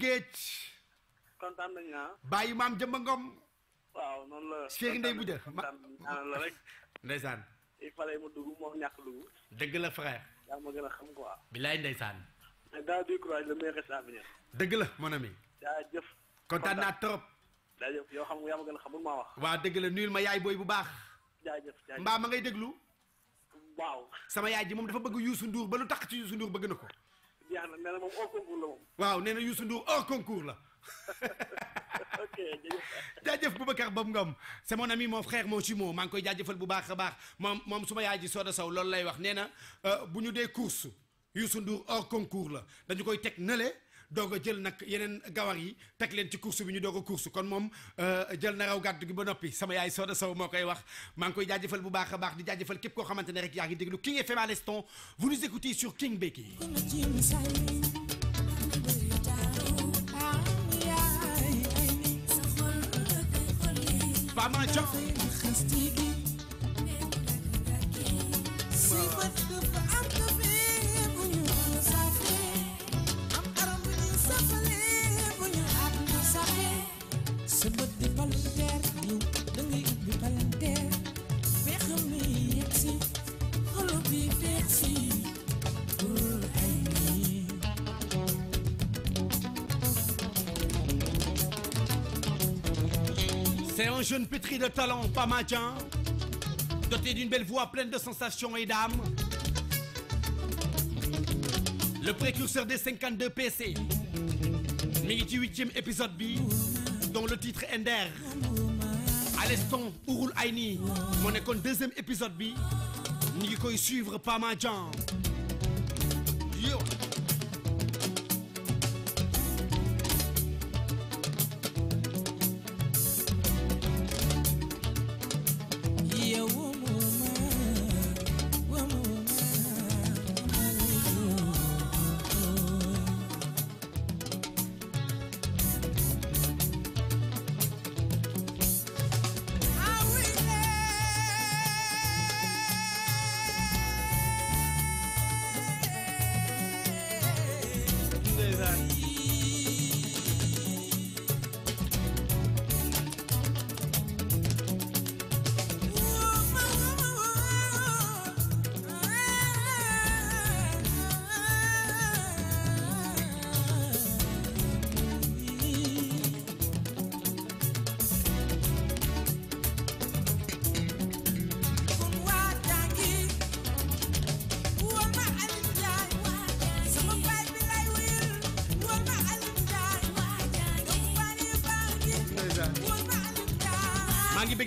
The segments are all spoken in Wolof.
géej. kontaan nañu ah. bàyyi maam Jëmba Ngom. waaw noonu la. Cheikh Ndeye Boudia ñaanal la rek. ndeysaan. il fallait mu dëgg la frère. yaa ma gën a xam quoi. bilaay ndeysaan. dans du courage le meilleur reste à venir. kontaan naa trop. jaajëf nga yaa ma gën a xamul maa dëgg la nuyul ma yaay booy bu baax. jaajëf mbaa ma ngay déglu. waaw. sama yaay ji moom dafa bëgg Youssou Ndour ba lu tax ci Youssou Ndour bëgg na ko. jeex na nee na moom hors concours la moom. waaw nee na Youssou Ndour hors concours la. ok jaajëf Boubacar Bob Ngom c'est mon ami mon frère mon moo maa ngi koy jaajëfal bu baax a baax moom moom su ma yaay ji Soda Sow loolu lay wax nee na euh, bu ñu dee course Youssou Ndour hors concours la dañu koy teg nële. doog a jël nag yeneen gawar yi tek len ci course bi ñu doog a course kon moom euh, jël na raw gaddu gi ba noppi sama yaay Soda saw moo koy wax mang koy jaajëfal bu baax a baax di jaajëfal kep ko xamantene rek yaa ngi déglu King FM à vous nous écoutez sur King Béki. Pama Job. C'est un jeune pétri de talent pamagin, doté d'une belle voix pleine de sensations et d'âme. Le précurseur des 52 PC, mais du 8e épisode B, dont le titre Ender. Aleston, l'instant, Aini, mon école deuxième épisode B, nous suivre Pamagin. Yo!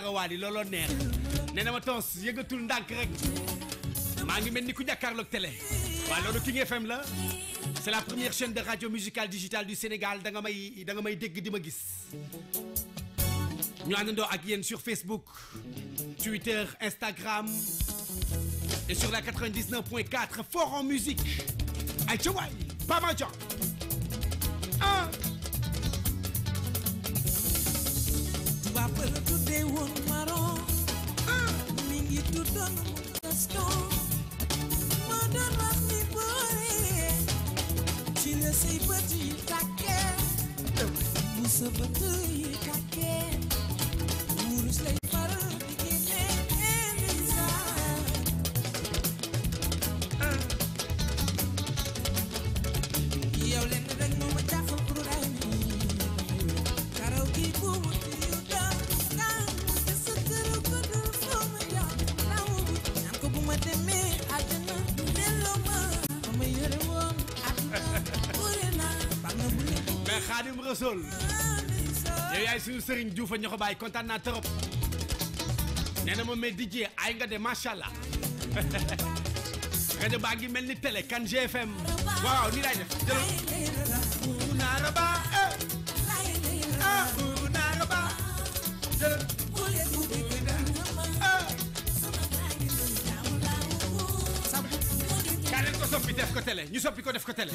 jaaga lolo neex neena ma tons yëgatul ndànk rek maa ngi mel ni ku jàkkaarloog télé waaw loolu King FM la c'est la première chaîne de radio musicale digitale du Sénégal da nga may da nga may dégg di ma gis ñu àndandoo ak yéen sur Facebook Twitter Instagram et sur la 99.4 Forum Musique ay ca waay Pama Diop rappeur tuddee woon maron mi ngi tuddoon Gaston moo doon wax ni boore ci la say Rasoul yow sëriñ Diouf ña ko bàyyi kontaan naa trop nee na moom mais DJ ay nga de macha allah rajo baa ngi mel ni télé kan GFM waaw nii laay def jëlal. kaa leen ko soppi def ko télé ñu soppi ko def ko télé.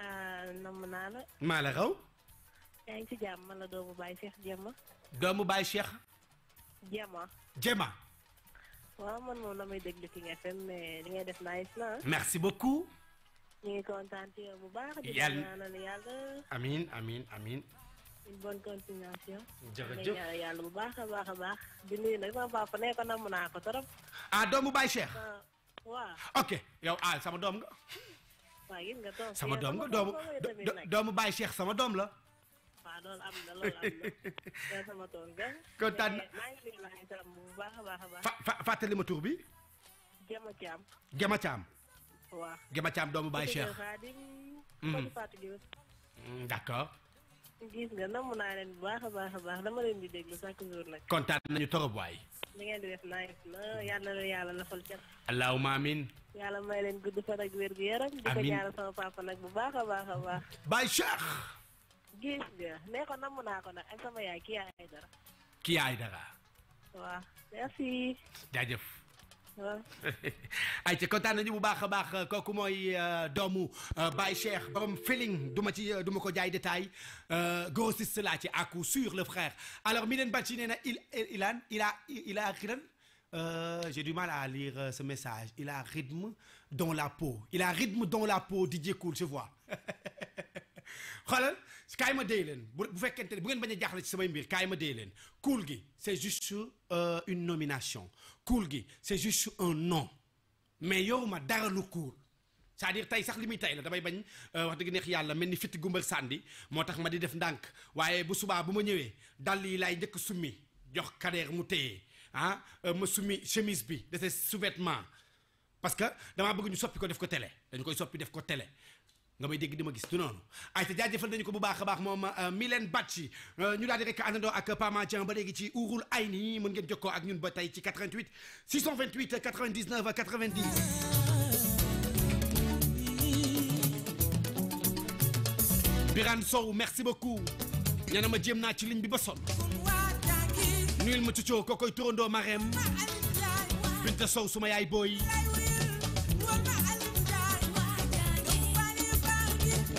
Ah, namm naa la. maa la raw. yaa ngi ci jàmm man la doomu Baye Cheikh Jema. doomu Baye Cheikh. Jema. Jema. waaw man moom damay déglu King FM mais li ngay def nice na. merci beaucoup. ñu ngi kontaan ci yow bu baax. yàlla di ñaanal yàlla. amiin amiin amiin. une bonne continuation. jërëjëf di yàlla bu baax a baax a baax. di nuyu nag sama papa ne ko namm naa ko trop. ah doomu Baye Cheikh. Ah, ok yow ah sama doom nga. waaw sama doom nga doomu doomu Baye Cheikh sama doom la. waaw loolu am na loolu am na sama doom nga. Eh, a baax a baax. fa fàttali ma tur bi. Jama doomu baay Cheikh. Mm. Mm, d' gis nga namm naa leen bu baax a baax a baax dama leen di déglu chaque jour nag kontaan nañu torop waay li ngeen di def nice na yàlla la yàlla lafal cat allahuma amin yàlla may leen gudd fan ak wér gu yaram di ko ñaanal sama papa nag bu baax a baax a baax Baye Cheikh gis nga nee ko namm naa ko nag ak eh, sama yaay kii yaay dara kii yaay dara waaw merci jaajëf ay ci kontaan nañu bu baax a baax kooku mooy euh, doomu euh, Baye Cheikh borom feeling du ci euh, du ma ko jaay détail grossiste laa ci à coup sûr le frère alors mi leen bat ci nee na il ilan il a il a xiran j'ai du mal à lire ce message il a rythme dans la peau il a rythme dans la peau DJ Cool je vois xoolal kaay ma dee leen bu bu fekkente bu ngeen bañ a jaaxle ci samay mbir kaay ma leen Cool gi c'est juste une nomination Kulgi, c'est juste un nom mais yow ma dara lu c'est-à-dire tay sax limi tay la damay bañ euh, wax dëgg neex yalla melni ni fitti gumbal sàndi moo ma di def ndànk waye bu suba buma ñewé ñëwee dàll yi laay njëkk summi jox carrière mu téye ah euh, ma summi chemise bi de ses sous-vêtements parce que dama bëgg ñu soppi ko def ko télé dañ koy soppi def ko télé nga may dégg di ma gis du noonu ay te jaajëfal nañu ko bu baax a baax moom euh, Mylène Batchi euh, ñu daal di rek àndandoo ak Pamantien ba léegi ci urul ay nii mën ngeen jokkoo ak ñun ba tey ci 88 628 99 90. Birane Sow merci beaucoup nee na ma jéem naa ci ligne bi ba sonn nuyul ma Cucoo kookoy turandoo Marème Binta Sow suma yaay booy.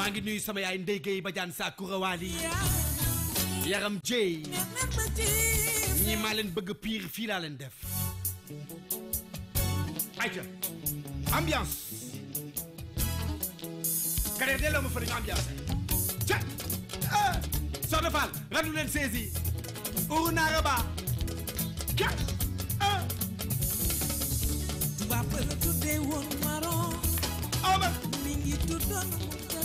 maa ngi nuyu sama yaay Ndeye Gueye Badiane Sakura Wali yaram Dieye ñi maa bëgg pire fii laa leen def ayca ambiance kare delloo ma fa dañu ca ah, soxna Fall radu leen uru naara ah. ba ka tubaab la tuddee woon maron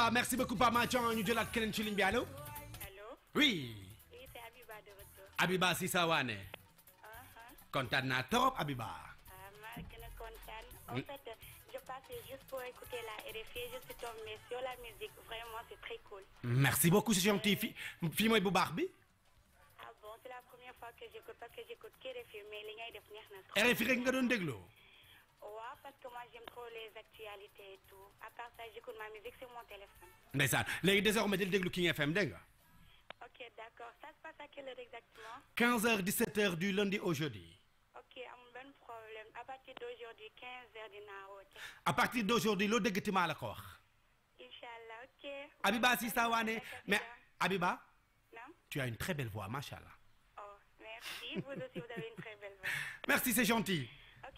Baba merci beaucoup Pape Mathion ñu jëlaat keneen ci ligne bi Allô? oui. oui c'est Abiba de retour. Abiba Cissé Waane. Uh-huh. kontaan naa Abiba. ah en mm. fait je passais juste pour écouter la RFI je suis tombée sur la musique vraiment c'est très cool. merci beaucoup c'est gentil fii fii mooy bu baax bi. ah bon c'est la première fois que j'écoute parce que j'écoute que RFI mais li ngay def neex na. RFI rek nga doon dégloo parce que moi j'aime trop les actualités et tout à part ça j'écoute ma musique sur mon téléphone. le King FM dingue. ok d'accord ça se passe à quelle heure exactement. 15h 17h du lundi au jeudi. ok un bon problème à partir d'aujourd'hui 15h du woote. à partir d'aujourd'hui l'eau de ti maa la ko wax. ok. Abiba ça va mais Abiba. non tu as une très belle voix Mashallah. oh merci vous aussi vous avez une très belle voix. merci c'est gentil.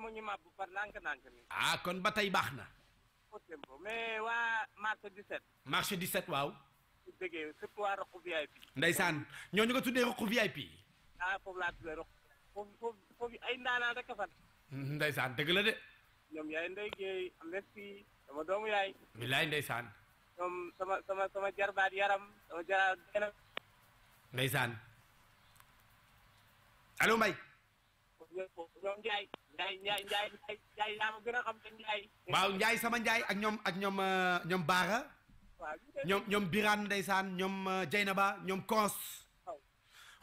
mu ñu màbb par ndànk-ndànk ni ah kon ba tey baax na. mais waa marché 17. marché 17 waaw. su déggee surtout waa Roq VIP. ñooñu nga tuddee Roq VIP. ah foofu laa tuddee Roq foofu foofu foofu ay ndaanaan rek a fan. Hmm, ndeysaan dëgg la de. ñoom yaay Ndeye Guèye am sama doomu yaay. bilaay ndeysaan. ñoom sama sama Ndiaye gën a xam te waaw njaay sama njaay ak ñoom ak ñoom euh, ñoom Baara. waaw ñoom ñoom Birane ndeysaan ñoom euh, Dieynaba ñoom Kons.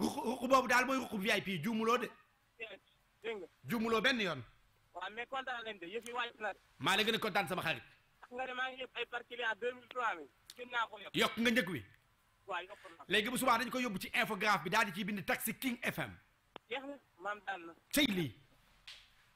ruq ruq boobu daal mooy ruq VIP juumuloo de. dégg benn yoon. waaw mais kontaan nañ de yëf yi wàcc na maa la gën a daan sama xarit. ay particulier à naa yokk yokk nga njëkk wi. waaw yokk naa léegi bu subaa dañ ko yóbbu ci infographe bi daal di ciy bind taxi King FM. jeex na maam cëy lii.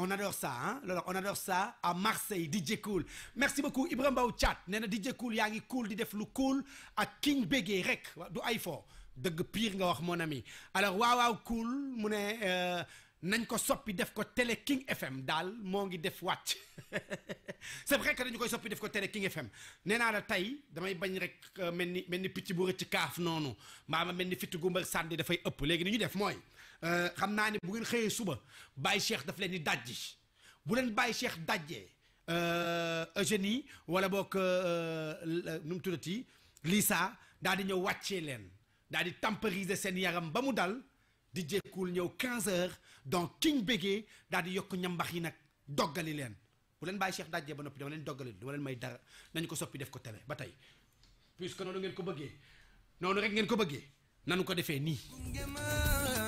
on adore ça hein? Alors, on adore ça à Marseille DJ Cool merci beaucoup Ibrahim Bauchat. chat. DJ Cool yangi cool di def cool à King Bege, rek du ay De pire nga mon ami alors waouh cool mune, euh, nañ ko soppi def ko télé King FM dal, mongi ngi def watch. c'est vrai que dañu koy soppi def ko télé King FM Nena la tay, damay bañ rek euh, mel ni mel ni picc bu rëcc kaaf non. mbaa ma mel ni fitt gumbal sànni dafay ëpp léegi def mooy euh, xam naa ne bu ngeen xëyee suba Baye Cheikh daf leen di dajji bu leen Baye Cheikh dajjee euh, Eugénie wala boog euh, nu mu tuddati Lisa daal di ñëw wàccee leen daal di temporiser seen yaram ba mu dal di jékkuwul ñëw 15 heures donc King ñu bëggee daal di yokk ñambax yi nag doggali leen bu leen Baye Cheikh dajjee ba noppi dama leen doggali dama leen may dara nañu ko soppi def ko télé ba tey puisque noonu ngeen ko bëggee noonu rek ngeen ko bëggee nanu ko defee nii.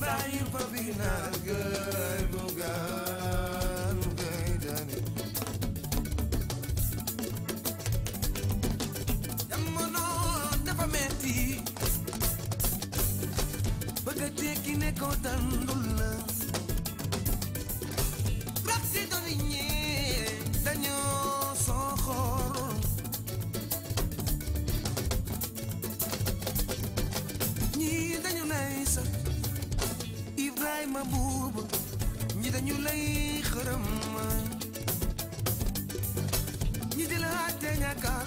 Bayu Pabina Gai Bugan Gai Dani Jamono dafa metti Bëgg a tekki ne ko dandul la Raksi yaay ma buuba ñi dañu lay xërëm ñi di la te ñàkkaar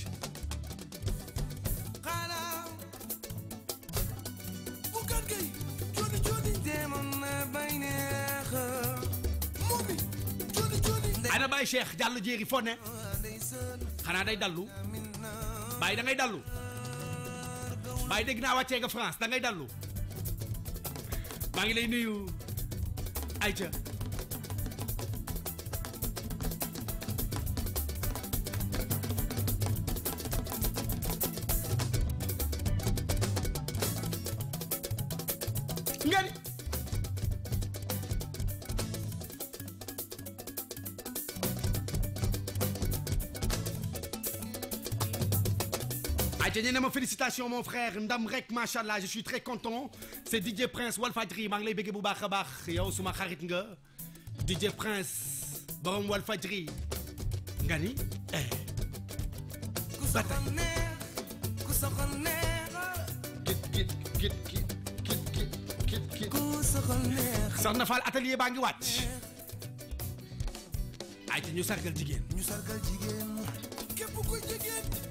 waay Cheikh jàll jéeri foo ne xanaa day dallu bàyyi da ngay dallu bàyyi dégg naa wàccee nga France da dallu maa ngi lay nuyu Aïcha ngeen ayca ñu ne ma félicitation mon frère ndam rek machallah, je suis très content c'est DJ Prince Walfadri, maa ngi lay bëggee bu baax a baax yow suma nga DJ Prince borom Walfadri, nga ni ba eh. tey ku soxal kit kit kit kit kit kit git git git ku na fal atelier baa ngi wàcc ayca ñu sargal jigéen ñu sargal jigéen képp ku jigéen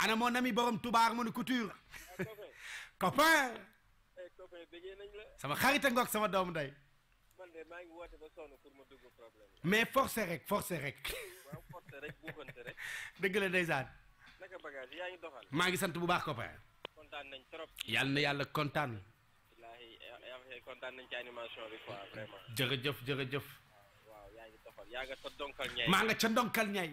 ana mon ami borom tubaar mënu couture copain eh, sama xarit a ngoog sama doomu ndey man de maa ngi woote ba sonn pour ma dugg problème mais forcé rek forcé rek rek buuxante rek dëgg la ndeysaan naka bagage yaa ngi doxal maa ngi sant bu baax copain kontaan nañ trop yàlla na yàlla kontaan wallaahi kontaan nañ ci animation bi quoi vraiment jërëjëf jërëjëf waaw yaa ngi doxal yaa nga ca donkal ñay maa nga ca donkal ñay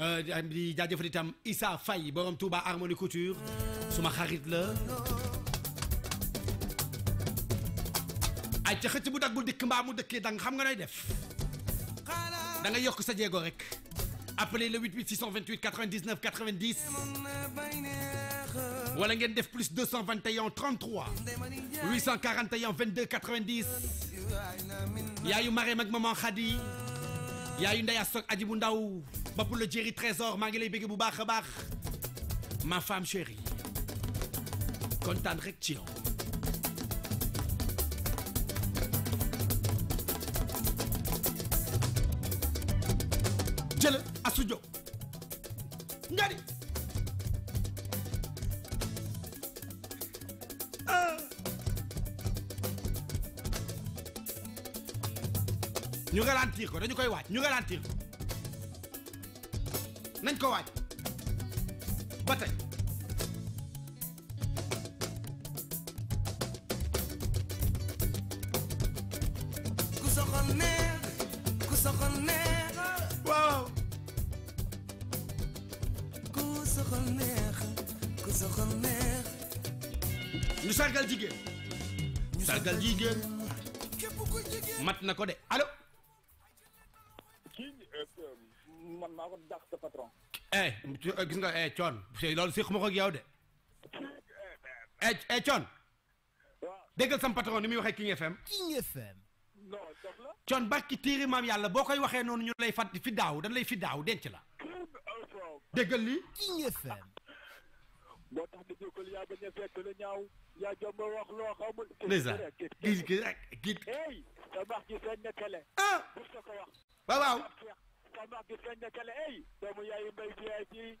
Euh, di que itam Issa Faye borom Touba Harmonie Couture suma xarit la. ay ca bu daggul que je appelez le 88 628 99 90 wala def plus 221 33 841 22 90 yaayu ya ak maman pour le Jerry Trésor, Mangele Big ba Ma femme chérie. Content Rection. Jelle, à studio. Ngari. Nous ah. ralentir, nous ralentir. Nous ralentir. nañ ko waaj ba tey ku soxal neex ku soxal neex waaw ku soxal neex ku soxal neex ñu sargal jigéen ñu sargal jigéen mat na ko de Eh, gis nga eh coon loolu séq ma ko ak de eh coon eh, déggal sam patron ni muy waxee King FM. King FM. coon bàkki téere maam yàlla boo koy waxee noonu ñu lay fat fi daaw dañ lay fi daaw denc la. déggal lii. King FM. moo tax di jógal yaa bañ a fekk lu ñaaw yaa jomb sama mag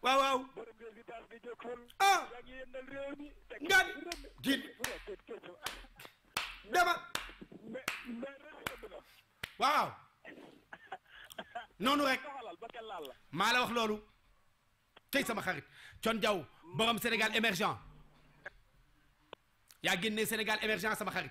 waaw waaw borom ah! maa la wax loolu tey sama xarit Thione Diaw borom Sénégal émergent yaa génnee Sénégal émergent sama xarit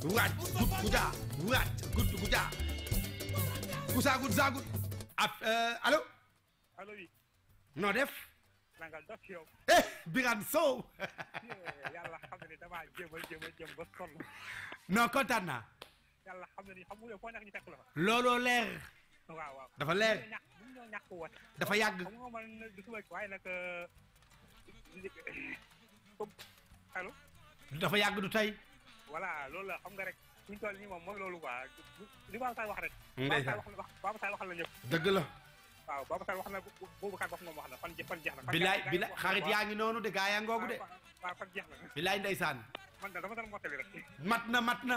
Rat gut guda. Rat gut guda. Kousa gut zagut. allo. allo oui. noo def. nangal dof yow. eh Birane Sow. Eh, yàlla xam ne damaa jéem a jéem a jéem ba sonn. non kontaan naa. yàlla xam ne xam nga foo ñu fekk la fa. looloo leer. waaw waaw dafa leer. ñoo ñàkk woote. dafa yàgg. xam nga man du euh, yàgg du tey. voilà loolu la xam nga rek suñ toll nii moom mooy loolu quoi li Baba Sall wax rek. ndeysaan Baba Sall wax na ñëpp. dëgg la. waaw Baba Sall wax na boobu kat wax moom wax na fan fan jeex na. bilaay bilaay xarit yaa ngi noonu de gaa yaa ngoogu de. waaw fan jeex na. bilaay ndeysaan. man da dama doon mottali rek. mat na mat na.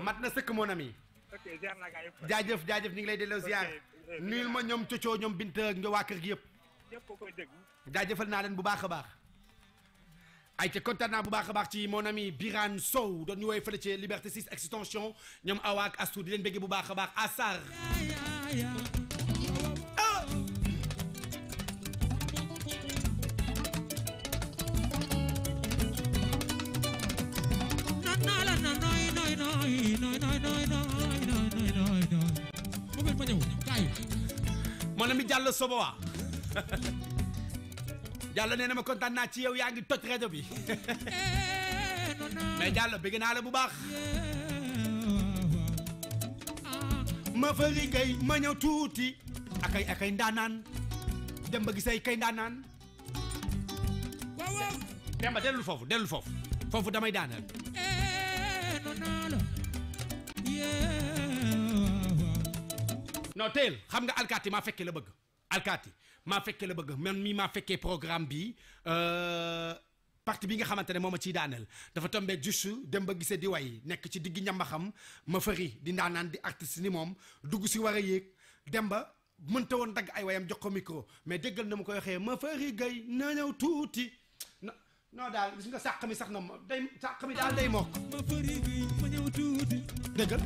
mat na sëkk mon ami. ok ziar jaajëf jaajëf ñu ngi lay delloo ziar. nuyul ma ñoom cocoo ñoom Binta ak waa kër gi yëpp. ñëpp koo koy dégg. jaajëfal naa leen bu baax a baax. I content mon ami Biran Sow de ñu Liberté 6 extension ñoom Awa ak Astou di leen bëgg bu Asar. Ah! mon ami Diallo Soboa. Diallo nee na ma kontaan naa ci yow yaa ngi toj rajo bi mais Diallo bëgg naa la bu baax. ma fa liggéey ma ñëw tuuti. akay akay ndaanaan dem ba gisay kay ndaanaan. Demba dellul foofu dellul foofu foofu damay daanal. Eh, non teel xam nga alkaati maa fekkee la bëgg alkaati. maa fekkee la bëgg man mii maa fekkee programme bi euh, parti bi nga xamante ne moo ma ciy daaneel dafa tombé juste dem ba gisee di way nekk ci digg ñamba ma fëri di ndaanaan di artiste ni moom dugg si war a yéeg dem ba mënta woon dagg ay wayam jox micro mais déggal na ma koy waxee ma fëri gay na ñëw tuuti na non daal gis nga sàq mi sax na ma day sàq mi daal day mokk ma fëri gay ma ñëw tuuti déggal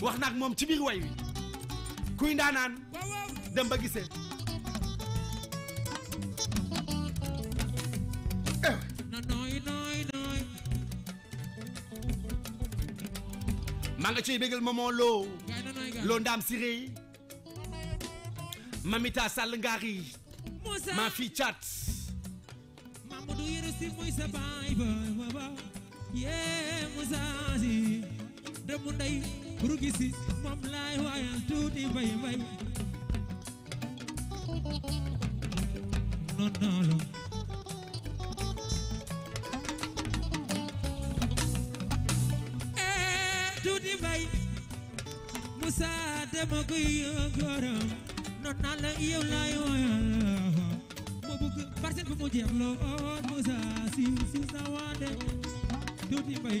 wax naag moom ci biir way wi kuy ndaanaan dem ba gisee maa nga ciy bégal maman loo loo ndaam siré mamita sàll ngaari maa fi chat mamadou burugi siis moom laay waayal tuuti bay bay non non non ee eh, tuuti bay Musa dama koy yëngëram non naa la yow laay waayal mu bugg parcelle bu mu jeex lool Musa siiw siiw sa waande tuuti bay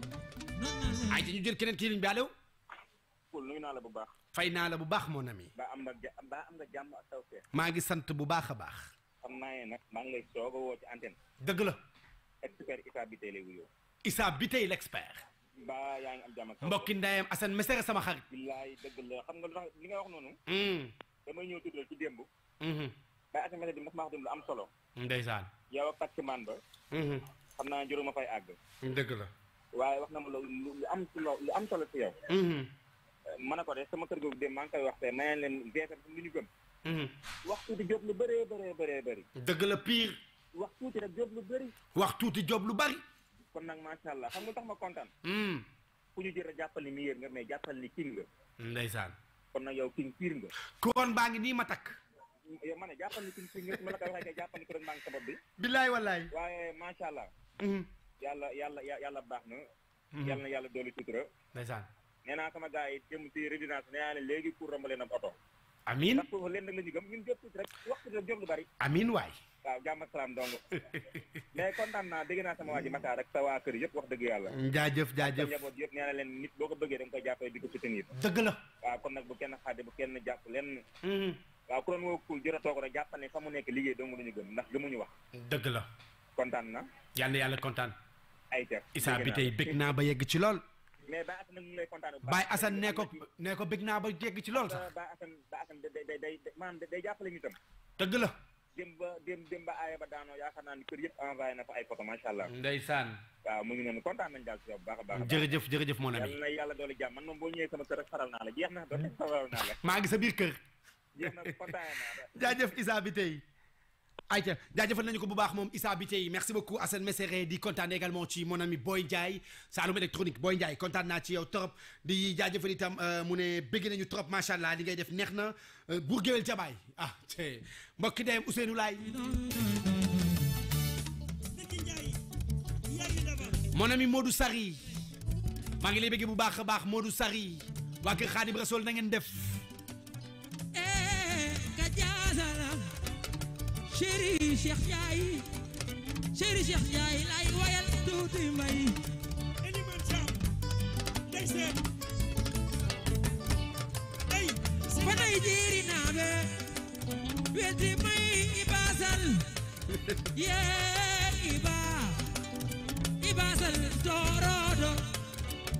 ay te ñu jël keneen kii liñ bi allo. bu baax. fay naa la bu baax mon ami. ba am nga ba am nga jàmm ak maa ngi sant bu baax a baax. xam naa maa ngi lay soog a woo ci antenne. dëgg la. expert Issa Biteye lay wuyoo. Issa Biteye l'expert. ba yaa ngi am jàmm ak. mbokki ndeyam Assane mesere sama xarit. billaay dëgg la xam nga lu tax li nga wax noonu. Hmm. damay ñëw tudd ci démb. Hmm. ba Assane mesere bi dafa maa wax lu am solo. ndeysaan. yow ak pàcc man ba. Hmm. xam naa juróoma fay àgg. dëgg la. waaye wax na ma lu lu am solo lu am solo si yow. Mm-hmm. ma ne ko de sama kër googu de maa ngi koy wax tey ma leen ñu gëm. Mm-hmm. wax tuuti job lu bëree bëree bëree bëri. dëgg la pire. wax tuuti rek job lu bëri. wax tuuti job lu bëri. kon nag macha allah xam nga tax ma kontaan. Mm. ku ñu jëra jàppal ni meilleur nga mais jàppal ni king nga. ndeysaan. kon nag yow king pire nga. couronne baa ngi nii ma takk. yow ma ne jàppal ni king pire nga ma la ko waxee jàppal ni ngi sabab bi. wallaay. waaye macha allah. Mm-hmm yalla yalla yalla baax mhm. yalla yalla na yàlla dolli sutura. ndeysaan. nee sama gars yi jëm si résidence nee pour romb leen am Amin. amiin ndax foofu leen nag ñun jot rek waxtu rek jot lu bari. dong. mais kontaan sama waa ji Matar sa waa kër yëpp wax dëgg yalla jaajëf jaajëf njaboot nit boo ko bëggee koy di ko soutenir. dëgg la. waaw kon nag bu kenn xaade bu kenn jàpp leen. Mhm. waaw ku doon woo kul rek fa mu nekk liggéey dong lu gëm ndax gëmuñu wax. dëgg la. kontaan na. yalla yalla kontaan. ay ca Issa bi tey bëgg naa ba yegg ci lool. mais Baye Assane mu ngi lay kontaan Baye Assane nee ko nee ko bëgg naa ba yegg ci lool sax. Baye Assane Baye Assane day day day maanaam day jàppale ñu tam. dëgg la. dem ba dem dem ba aaya ba daanoo yaakaar naa ni kër yëpp envoyé na fa ay photo macha allah. ndeysaan. waaw mu ngi noonu kontaan nañu daal si yow bu baax a baax. jërëjëf jërëjëf mon ami. yàlla na yàlla doole jàmm man moom boo ñëwee sama kër rek faral naa la jeex na doole faral naa la. maa ngi sa biir kër. jeex na kontaan naa la. jaajëf Issa bi tey ayca jaajëfal nañu ko bu baax moom Issa merci beaucoup à cette Messeré di content également mon ami Boy Ndiaye Saloum électronique Boy Jai, content, naa ci yow trop di jaajëfal itam euh, mu ne bëgg nañu trop macha li ngay def travail, na euh, buur ah mon ami Modou Sari ngi lay beaucoup bu baax chéri Cheikh Ndiaye chéri Cheikh Ndiaye lay wayal tuuti may Eliman Thiam day seet ay ba tey jiiri naa be weti may i baasal yee i baa i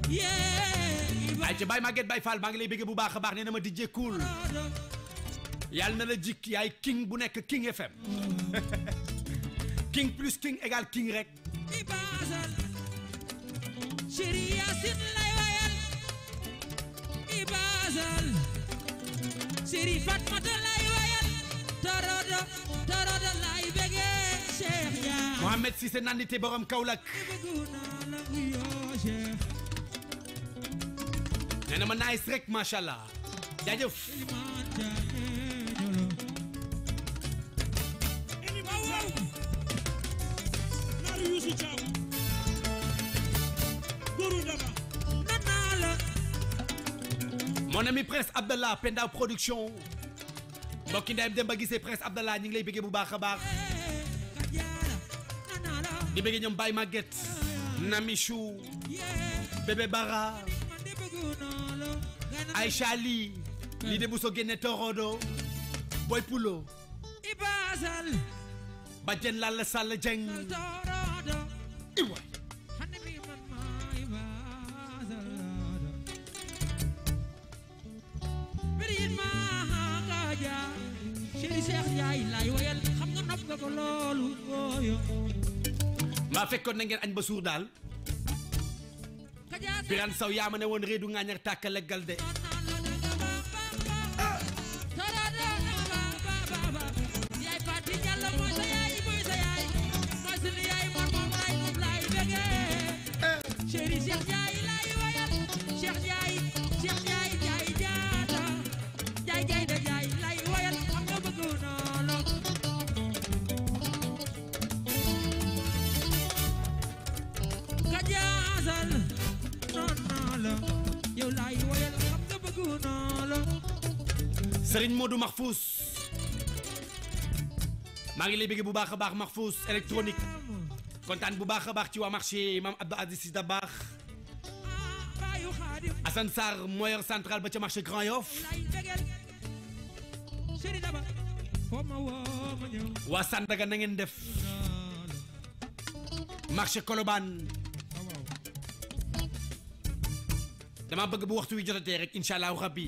yee i baa ay ca Baye Maguette Baye bu baax a baax nee na ma yà na la jikk yaay king bu nekk king FM king plus king égal king rek ibasal chéri Yaasin lay wayal ibasal chéri Fatmata lay wayal torodo torodo lay bege Cheikh Ndiaye Mohamed Cissé nandite borom Kaolack nee na ma nice rek macha allah jaajëf Sidi Thiam Gourou Dama naa la mon ami Prince Abdallah Penda Production mbokki ndeyam Demba Guissé Prince Abdallah ñu ngi lay bëggee bu baax a baax di bëggee ñoom Baye Maguette Namichou Bébé Bara Aïcha Ly lii de bu soo génnee Torodo Boy Pulo Ibasal Badiane Lalla Sall Dieng maa fekkoon na ngeen añ ba suur daal. Birane Sow yaa ma ne woon réedu ngaañar Serigne Modou Mahfous ma ngi lay bëgg bu baaxa baax Mahfous électronique contane bu baaxa baax ci wa marché Mame Abdou Aziz da baax asan sar moyeur central ba ci marché Grand Yoff wa Sandaga na ngeen def marché koloban dama bëgg bu waxtu wi jotatee rek inshallah rabbi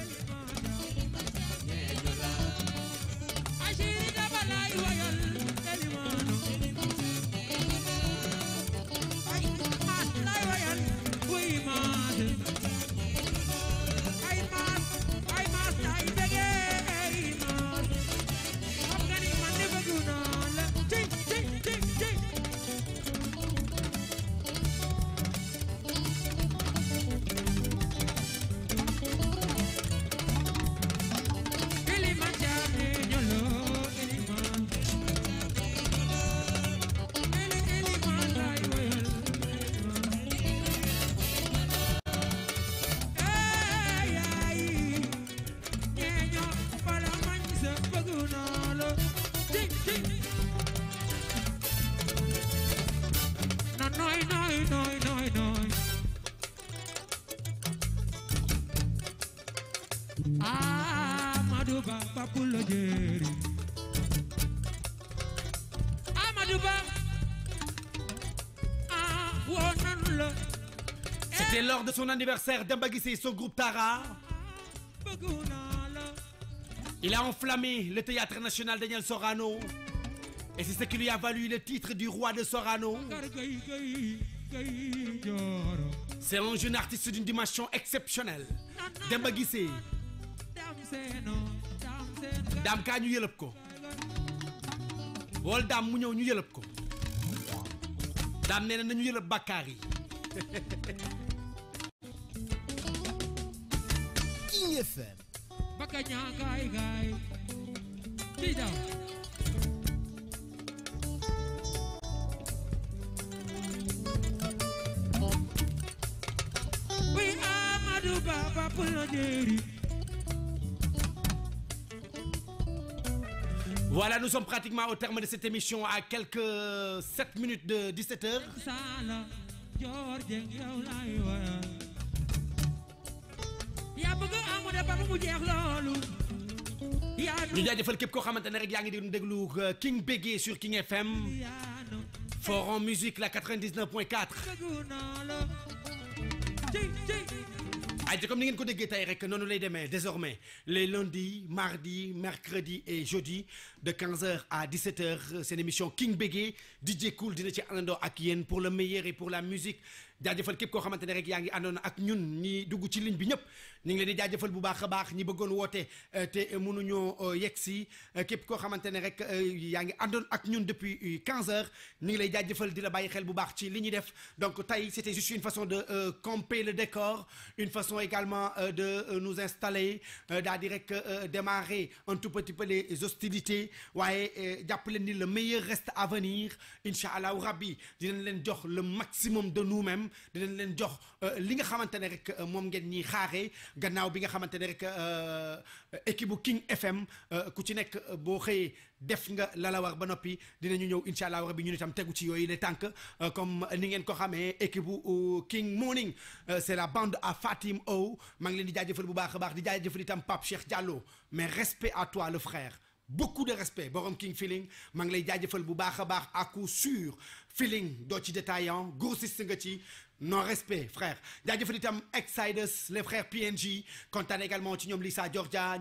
Ah, ah, oh, C'était lors de son anniversaire Dembagise et son groupe Tara Il a enflammé le théâtre national Daniel Sorano et c'est ce qui lui a valu le titre du roi de Sorano C'est un jeune artiste d'une dimension exceptionnelle Dembagissé. daam kaa ñu yëlëb ko wol daam mu ñëw ñu yëlëb ko daam nee na nañu yëlëb bàkkaar yi King FM baka ñaa gaay gaay kii daam Voilà, nous sommes pratiquement au terme de cette émission à quelques 7 minutes de 17h. Euh, King sur King FM Forum Musique la 99.4 ay comme ni avez ko déggee tey rek noonu lay désormais les lundis mardis, mercredis et jeudi de 15h à 17h une émission King Bégué DJ Cool dina ci Akien, ak pour le meilleur et pour la musique jaajëfal képp le xamante ne rek yaa ngi ak ñun ñu ngi leen di jaajëfal bu baax a baax ñi bëggoon woote euh, te euh, mënuñoo euh, yegg si képp koo xamante ne rek yaa ngi àndoon ak ñun depuis 15 heures ñu ngi lay jaajëfal di la bàyyi xel bu baax ci li ñuy def donc tey c'était juste une façon de camper le décor une façon également de nous installer daal di rek démarrer un tout petit peu les hostilités waaye jàpp leen ni le meilleur reste à venir incha allahu rabbi dinañ leen jox le maximum de nous-mêmes dinañ leen jox li nga xamante ne rek moom ngeen ñiy xaaree gannaaw bi nga xamante ne rek euh, équipe King FM euh, ku ci nekk euh, boo xëyee def nga la war ba noppi dinañu ñëw incha ñu ci les tànk comme ni ngeen ko xamee équipe King Morning c'est la bande à Fatim O maa ngi leen di jaajëfal bu baax a baax di itam Pape Cheikh Diallo mais respect à toi le frère. beaucoup de respect borom king feeling maa ngi lay jaajëfal bu a baax à coup sûr feeling doo ci détaillant grossiste nga ci non respect frère des ex Exciters les frères PNG kontaan également Lisa Georgia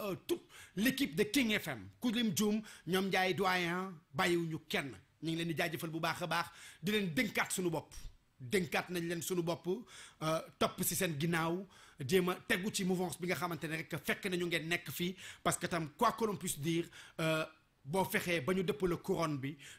euh, l'équipe de King FM Koulim lim Ndiaye doyen bàyyiwuñu ñu ngi leen di jaajëfal bu baax a di leen dénkaat suñu bopp nañ suñu Top des parce que tam quoi que dire euh, Bon bonjour pour le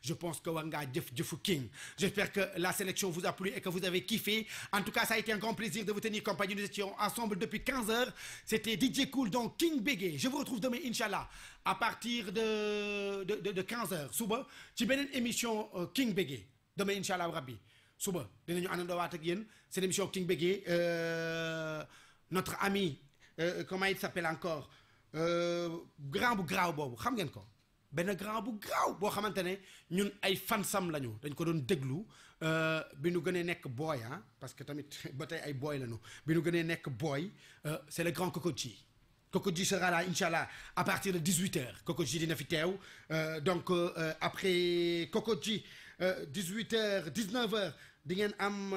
je pense que war ngaa jëf king j'espère que la sélection vous a plu et que vous avez kiffé en tout cas ça a été un grand plaisir de vous tenir compagnie nous étions ensemble depuis 15 heures c'était DJ Cool donc King Begay. je vous retrouve demain inchallah à partir de de de, 15 heures suba ci une émission euh, King Begay. demain inchallah rabbi Souba, dinañu l'émission ak émission King Bégué euh, notre ami euh, comment il s'appelle encore grand bu graaw xam ben, grand bu gaaw boo xamante ñun ay fansam lañu dañ ko doon déglu euh, bi ñu gëné nek boy hein parce que tamit batay ay boy lañu bi ñu nek boy euh c'est le grand Kokodji Kokodji sera là inchallah, à partir de 18h Kokodji dina fi euh donc euh, après Kokodji 18h 19h di ngeen am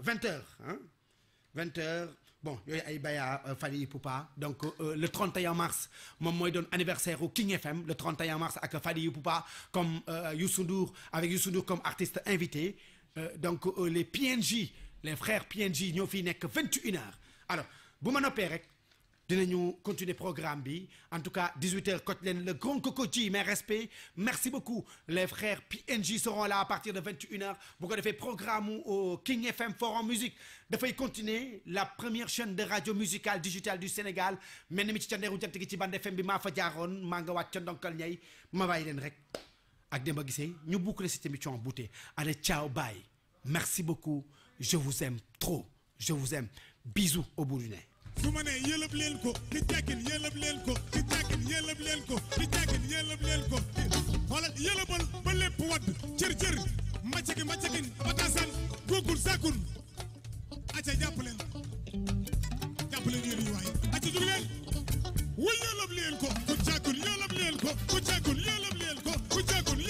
20h euh, hein, 20h bon il y baya Fadi donc euh, euh, le 31 mars mon je anniversaire au King FM le 31 mars avec Fadi Poupa comme euh, avec Youssoudour comme artiste invité donc les PNJ les frères PNJ ont fini que 21 heures alors bu ma continuons continuer programme en tout cas 18h le grand cocotier mes respects merci beaucoup les frères PNJ seront là à partir de 21h bu fait le programme au King FM Forum Musique dafay continuer la première chaîne de radio musicale digitale du Sénégal allez bye merci beaucoup je vous aime trop je vous aime bisous au bout du nez su ma nee yëlëb leen ko ci teggin yëlëb leen ko ci teggin yëlëb leen ko ci teggin yëlëb leen ko xoolal yëlëbal ba lépp wadd cër cër maccakin maccakin bataasan góogul sàkkun acca jàpp leen jàpp leen yéen yi waaye acca jug leen wu yëlëb leen ko ku càkkun yëlëb leen ko ku càkkun yëlëb leen ko ku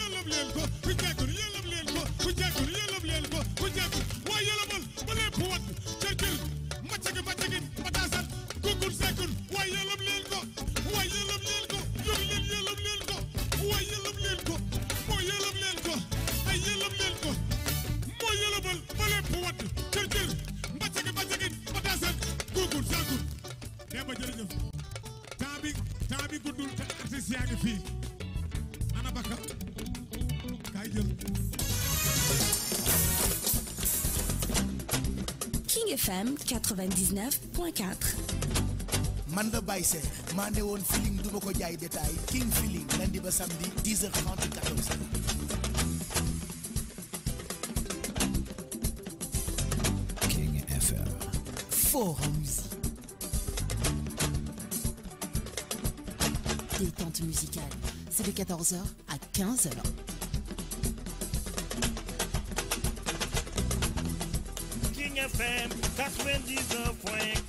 artiste ana baka jël King FM 99.4 man la Baye feeling ko jaay détail King Feeling lundi ba samedi 10h30 14 Forums. détente musicale. C'est de 14h à 15h. King FM 99.4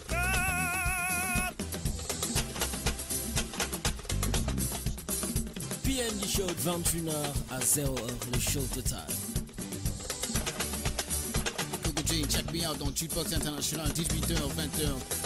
Show 21h à 0h, le show total. Coco Jane, check me out dans Jukebox International, 18h, 20h.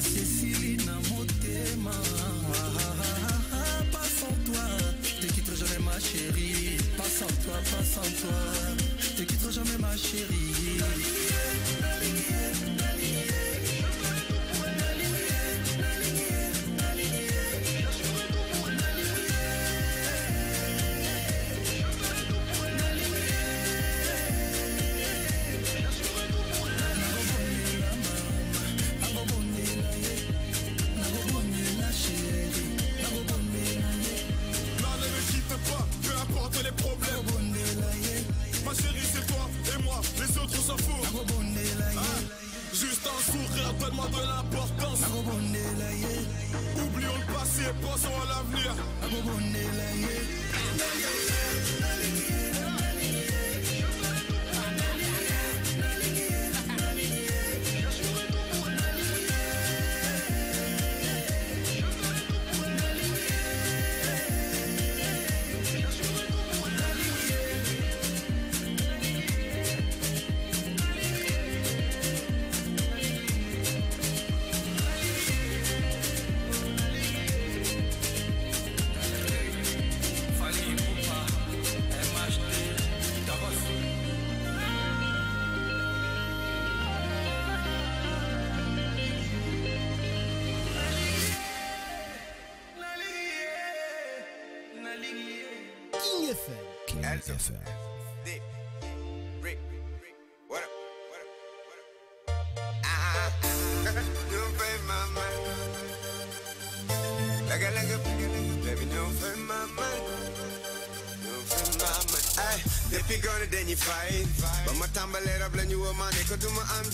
Cecilia. If you gonna then you fight my time, tàmbalee rab la ñu you maa ne ko du ma am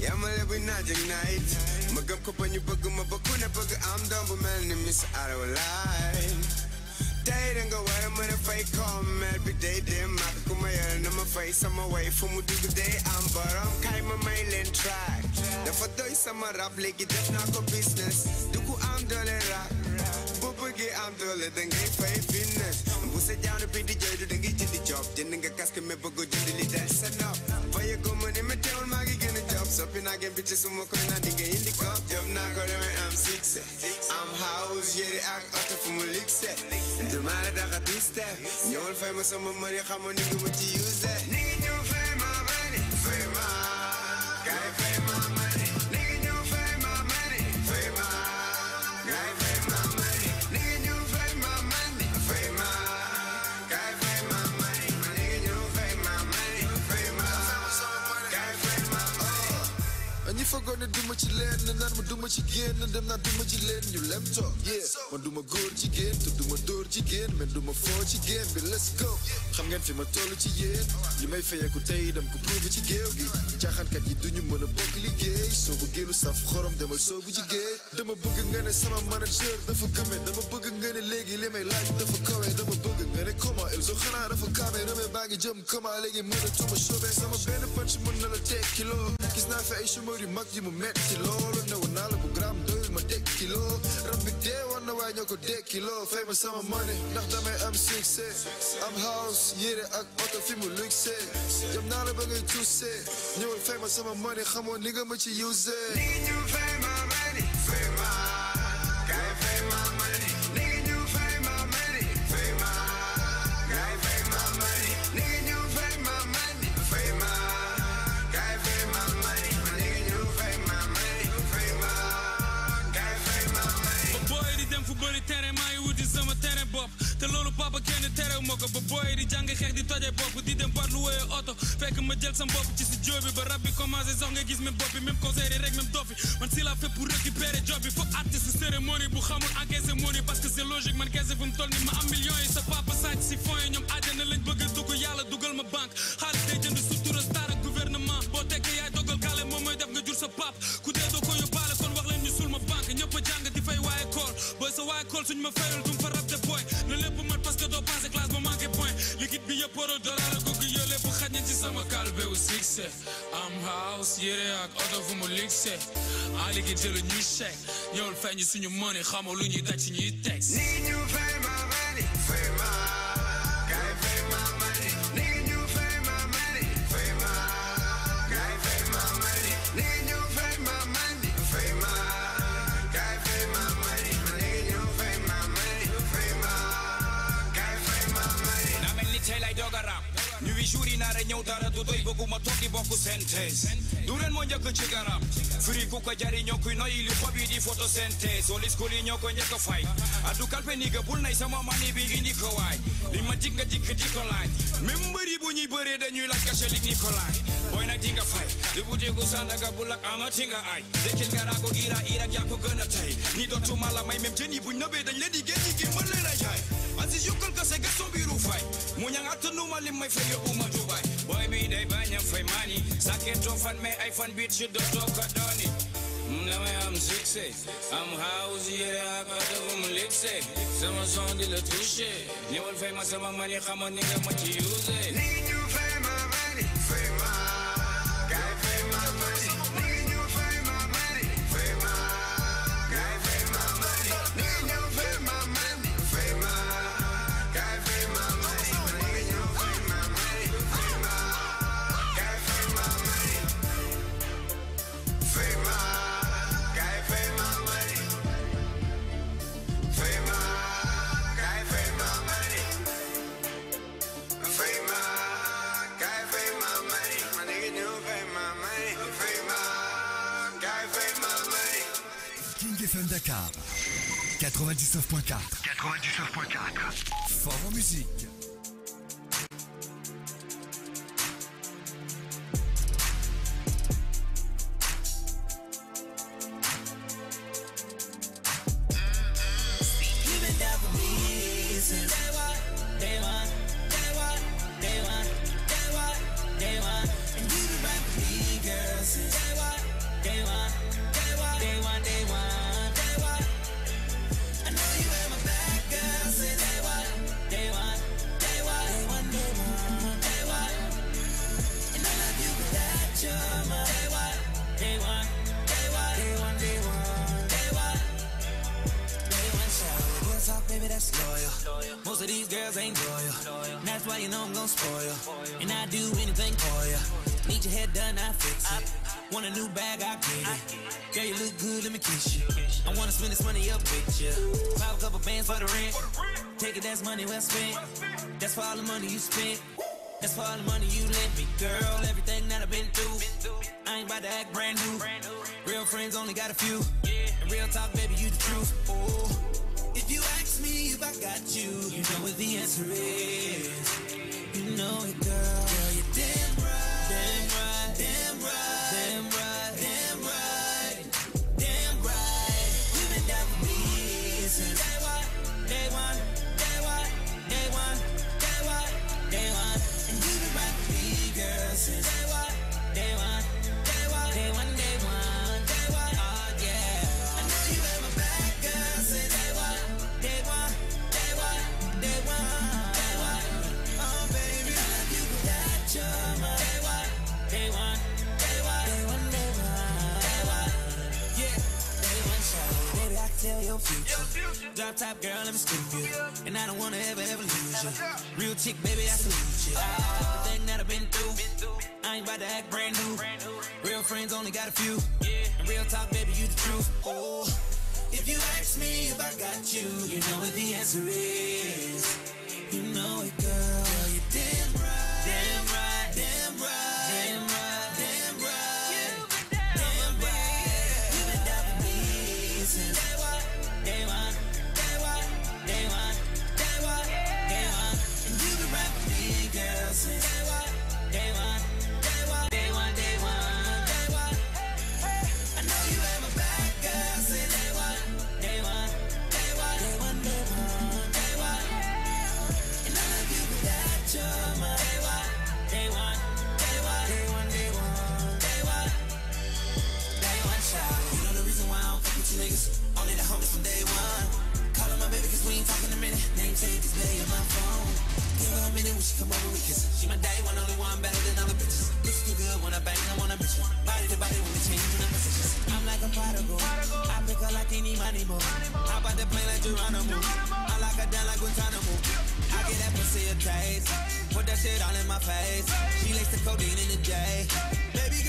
Yeah, my bu naaj ak night ma gëm ko you, ñu my ma bëgg i ne i am doom bu mel ni Miss Arrowline dating go away med en fake kom Every day det er meg Hvor man gjør når face I'm away from what you day I'm but I'm kind of mainland track. Derfor døy som en rap Ligger det snakk og business Du hvor I'm dårlig rap Bubbugi I'm dårlig Den gay fake fitness Busse down og bidde the du Den gay the job Jenninga kaske med på god jiddy That's enough Vaya gommer i med down Magi Something I get bitches some more coin and nigga in the cup. Yo, now go there I'm six. I'm house, yeah, they act out for my lips. The man that got this step. You all famous on my money, come on, nigga, what you use that? ne duma ci leen ne naan ma duma ci génn dem naa duma ci leen ñu lem toog yeah man duma góor ci génn te duma dóor ci génn man duma foo ci génn bi let's go xam ngeen fi ma toll ci yéen li may fayeeku tey dem ko prouvé ci géew gi caaxaankat yi duñu mën a bokk liggéey soo bëggee lu saf xorom demal soo bu ci géej dama bëgg nga ne sama manager dafa gëme dama bëgg nga ne léegi li may laaj dafa kawe dama bëgg nga ne comment Elzo xanaa dafa kaame rëme baa ngi jëm comment léegi mënatuma soobee sama benn punch mën na la tekki loo gis naa fi ay chômeur yu mag yi mu metti loolu newoon naa la bu gram ma dég kilo rab bi dee woon na waaye ñoo ko dekki kilo fay ma sama money ndax damay am se am house yére ak oto fi mu luxe jam naa la ba ngay tuuse ñëwal fay ma sama money xamoon ni nga ma ci usé jàng xeex di toje bopp di dem parlu wooye oto fekk ma jël sam ci si ba rab bi commencé sax nga gis même bopp bi même conseil rek man si la fait pour récupérer job bi foog artiste cérémonie bu xamul encaissé man kese fu mu toll ni ma am millions yi sa papa sàcc si fonds yi ñoom àjjana lañ bëgg a dugg yàlla ma banque xaalis day jënd sutura star ak gouvernement boo tekkee yaay dogal kale moom mooy def nga jur sa ku dee doo ko yóbbaale kon wax leen boro dollar ak gugg yo lépp xaj na ci sama kalbe wu succès am house yére ak oto fu mu ligse en liggéey jëlu ñuy chèque ñëwul money xamoo lu ñuy daj ci ñuy teg. ni ñëw dara du doy bëgguma toog di bokk synthèse du ren moo njëkk ci garab firi ku ko jariñoo kuy noyyi li xob yi di photosynthèse olis ko li ñoo ko fay addu kalpe ni ga bul nay sama mani bi indi ko waay li ma jik nga jik di ko laaj même mbëri bu ñuy bëree dañuy laaj ni ko laaj booy nag di nga fay di bu digu sandaga bu lak amati ay dekkil nga raago ira ira yaa ko gën a tey ni dootuma la may même jën yi buñ nëbee dañ leen di génn gi mën a boy bi day bañ a fay maani sàkkee toofan mais ay fan biit ci dootoo ko dooni mu damay am succès am house yére ak oto bu mu luxe sama son di la touché ñëwal fay ma sama mani xamoon ni nga ma 99.4. Fort en musique. money you spent. That's for all the money you lent me, girl. Everything that I've been through. I ain't about to act brand new. Real friends only got a few. And real talk, baby, you the truth. Oh, if you ask me if I got you, you know what the answer is. Girl, let me sleep you. And I don't wanna ever, ever lose you. Real chick, baby, I salute you. Everything that I've been through, I ain't about to act brand new. Real friends only got a few. And real talk, baby, you the truth. Oh, if you ask me if I got you, you know what the answer is. You know it, girl. Geronimo. I lock her down like Guantanamo. I get that pussy a taste. Put that shit all in my face. She likes the codeine in the J. Baby,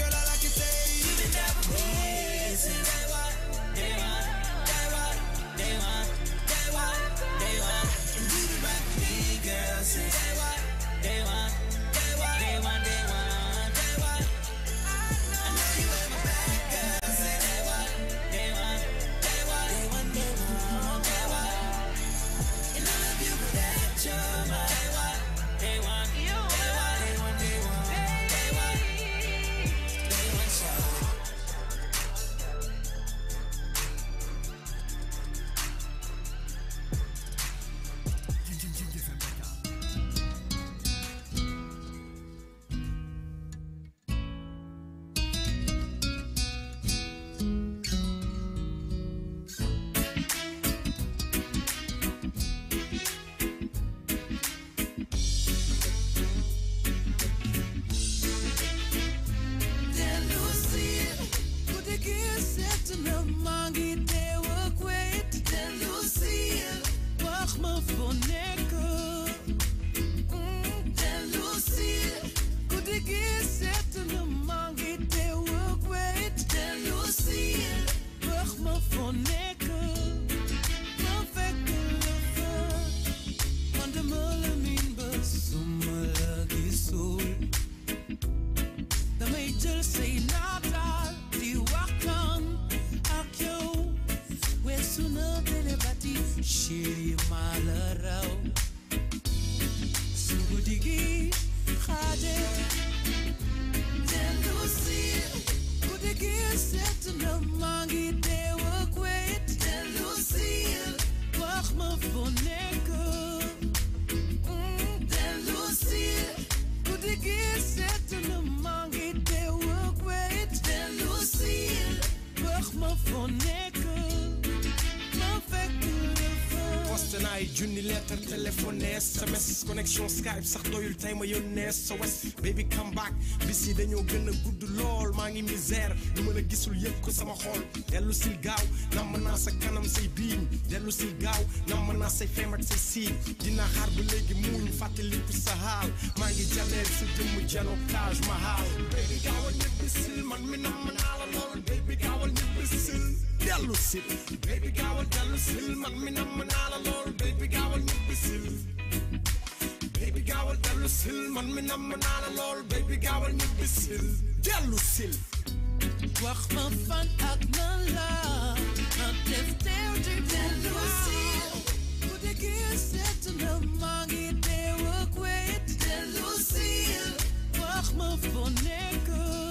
junni lettre téléphone SMS connexion Skype sax doyul tey ma yónnee sa wes baby come back bis yi dañoo gën a gudd lool maa ngi misère lu ma la gisul yëpp ko sama xol dellu sil gaaw namm naa sa kanam say Bin. dellu sil gaaw namm naa say fem ak say siiñ dinaa xaar ba léegi muuñ fàttaliku sa xaal maa ngi janeel sa jëmm jano Taj Mahal baby gaawal ñëpp sil man mi namm naa la lool baby gaawal ñëpp sil delusil Baby girl, delusil man me, namm naa la baby gawal ñibbisil baby gawal delusil man me, namm naa la baby gawal ñibbisil delusil wax ma fan ak na la ma def teew di delusil bu déggee seet na me, ngi deew ak weet delusil wax ma foo nekkoon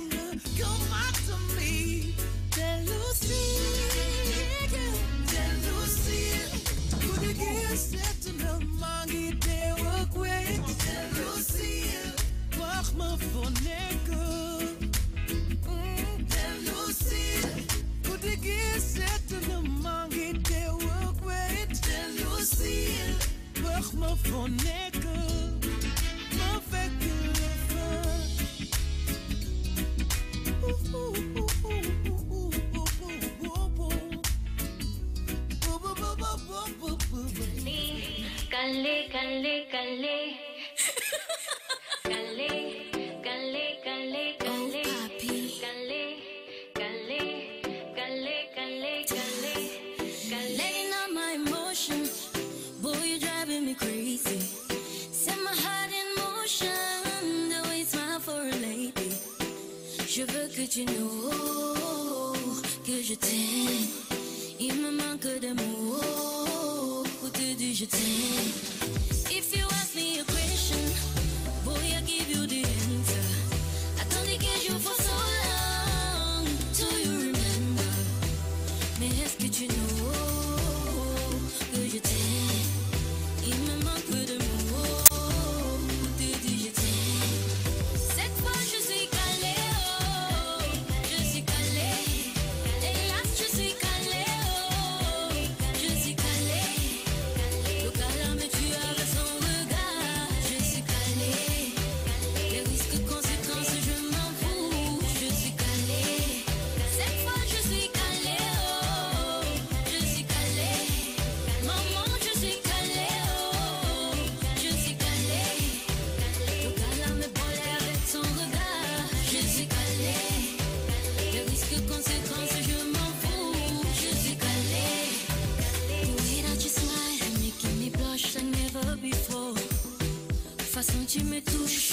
tu me touches.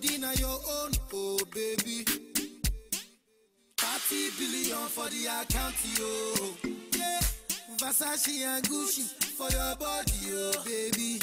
body your own, oh baby. 30 billion for the account, yo. Yeah, Versace and Gucci for your body, oh baby.